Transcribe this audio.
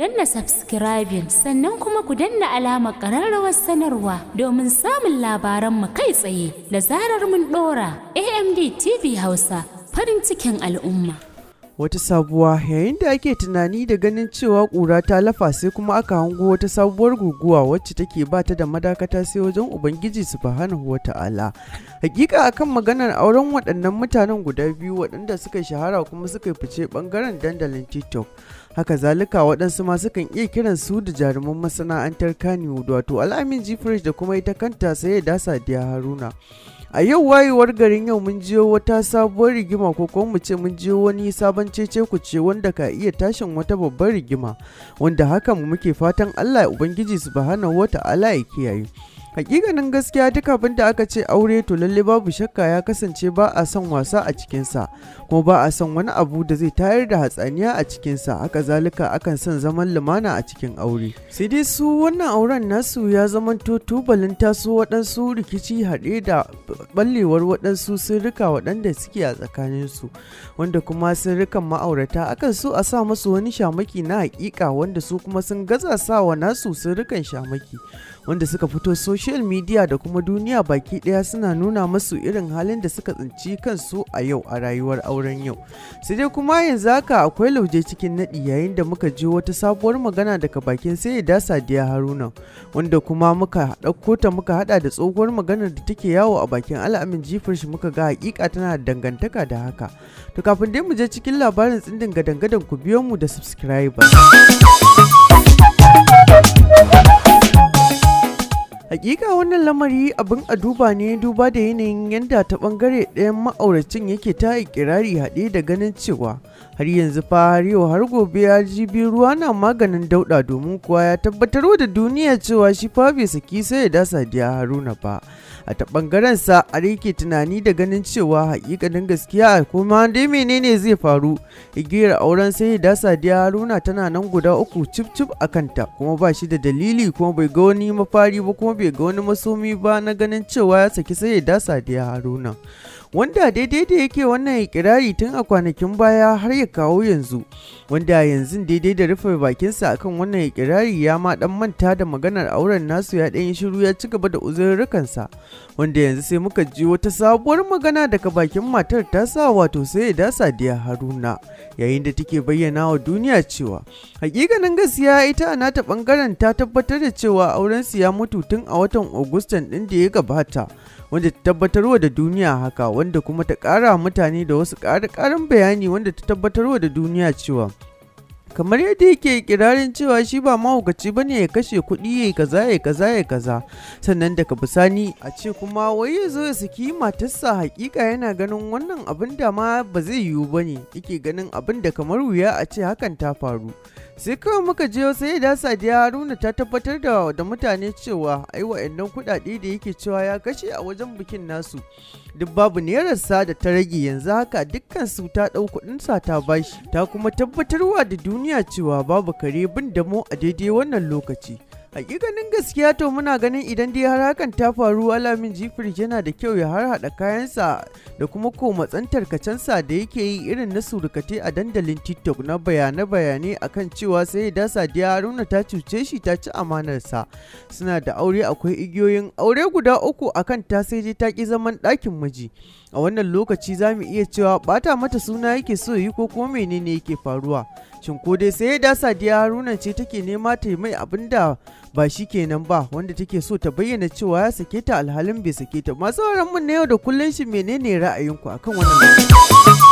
danna subscribing sannan kuma ku danna alamar ƙararrawar sanarwa domin samun labaran mu kai tsaye da zarar mun ɗora amd tv hausa farin cikin al'umma wata sabuwa yayin da ake tunani da ganin cewa ƙura ta lafa sai kuma aka hango wata sabuwar guguwa wacce take ba ta da madakata sai wajen ubangiji su subhanahu wa ta'ala hakika akan maganar auren waɗannan mutanen guda biyu waɗanda suka shahara kuma suka fice ɓangaren dandalin tiktok haka zalika waɗansu ma sukan iya kiran su da jaruman masana'antar kaniwood wato al'amin fresh da kuma ita kanta saye da sadiya haruna a yau wayewar garin yau mun jiyo wata sabuwar rigima ko kuma mu ce mun jiyo wani sabon cece ku ce wanda ka iya tashin wata babbar rigima wanda hakan muke fatan allah ubangiji subhanahu allah ya kiyaye Hakikanin gaskiya duk abin da aka ce aure to lalle babu shakka ya kasance ba a son wasa a cikinsa kuma ba a son wani abu da zai tayar da hatsaniya a cikinsa haka zalika akan son zaman lumana a cikin aure. Sai dai su wannan auren nasu ya zamanto tubalin taso waɗansu rikici haɗe da ballewar waɗansu sun rika waɗanda suke a tsakaninsu wanda kuma sun rika ma'aurata akan so a sa musu wani shamaki na hakika wanda su kuma sun gaza sawa nasu sun rikan shamaki wanda suka fito social media da kuma duniya baki daya suna nuna masu irin halin da suka tsinci kansu a yau a rayuwar auren yau sai dai kuma yanzu haka akwai lauje cikin nadi yayin da muka ji wata sabuwar magana daga bakin sai da sadiya haruna wanda kuma muka ɗauko ta muka hada da tsohuwar maganar da take yawo a bakin al'amin jifar shi muka ga hakika tana dangantaka da haka to kafin dai mu je cikin labarin tsindin gadan-gadan ku biyo mu da subscriber Hakika wannan lamari abin a duba ne duba da yanayin yadda ta bangare ɗayan ma'auracin yake ta ikirari haɗe da ganin cewa har yanzu fa har yau har gobe ya ji biyu ruwa na maganin dauɗa domin kuwa ya tabbatar da duniya cewa shi fa bai saki sai ya dasa diya haruna ba a ta bangaren sa a rike tunani da ganin cewa hakikanin gaskiya kuma dai menene zai faru igiyar auren sai ya dasa diya haruna tana nan guda uku cip cip a kanta kuma ba shi da dalili kuma bai ga wani mafari ba kuma bai ga wani masomi ba na ganin cewa ya saki sai ya dasa diya haruna wanda daidai da yake wannan ikirari tun a kwanakin baya har ya kawo yanzu wanda yanzu daidai da rufe bakinsa akan wannan ikirari ya ma dan manta da maganar auren nasu ya dan yi shiru ya ci gaba da uzurrukansa wanda yanzu sai muka ji wata sabuwar magana daga bakin matar ta sa wato sai ya dasa diya haruna yayin da take bayyana wa duniya cewa hakikanin gaskiya ita a nata bangaren ta tabbatar da cewa aurensu ya mutu tun a watan agustan din da ya gabata wanda tabbatarwa da duniya haka wanda kuma ta ƙara mutane da wasu ƙarin bayani wanda ta tabbatar wa da duniya cewa kamar yadda yake kirarin cewa shi ba mahaukaci ba ne ya kashe kuɗi ya yi kaza ya kaza ya kaza sannan daga bisani a ce kuma wai ya zo ya saki matarsa hakika yana ganin wannan abin da ma ba zai yiwu ba ne yake ganin abin da kamar wuya a ce hakan ta faru sai kawai muka je sai da sadiya haruna ta tabbatar da mutane cewa ai wa'annan kuɗaɗe da yake cewa ya kashe a wajen bikin nasu duk babu sa da ta rage yanzu haka dukkan su ta ɗau kuɗinsa ta bashi ta kuma tabbatarwa da duniya cewa babu kare bin damo a daidai wannan lokaci hakikanin gaskiya to muna ganin idan dai har hakan ta faru alamin jifir yana da kyau ya har hada kayansa da kuma komatsan tarkacensa da yake yi irin na surukate a dandalin tiktok na bayane bayane akan cewa sai da sadiya haruna ta cuce shi ta ci amanarsa suna da aure akwai igiyoyin aure guda uku akan ta sai dai ta ki zaman ɗakin miji a wannan lokaci za mu iya cewa bata mata suna yake so yi ko kuma menene yake faruwa shin ko dai sai da sadiya haruna ce take nema ta yi mai abin da ba shi kenan ba wanda take so ta bayyana cewa ya sake ta alhalin bai sake ta masu mun na yau da kullun shi menene ra'ayinku akan wannan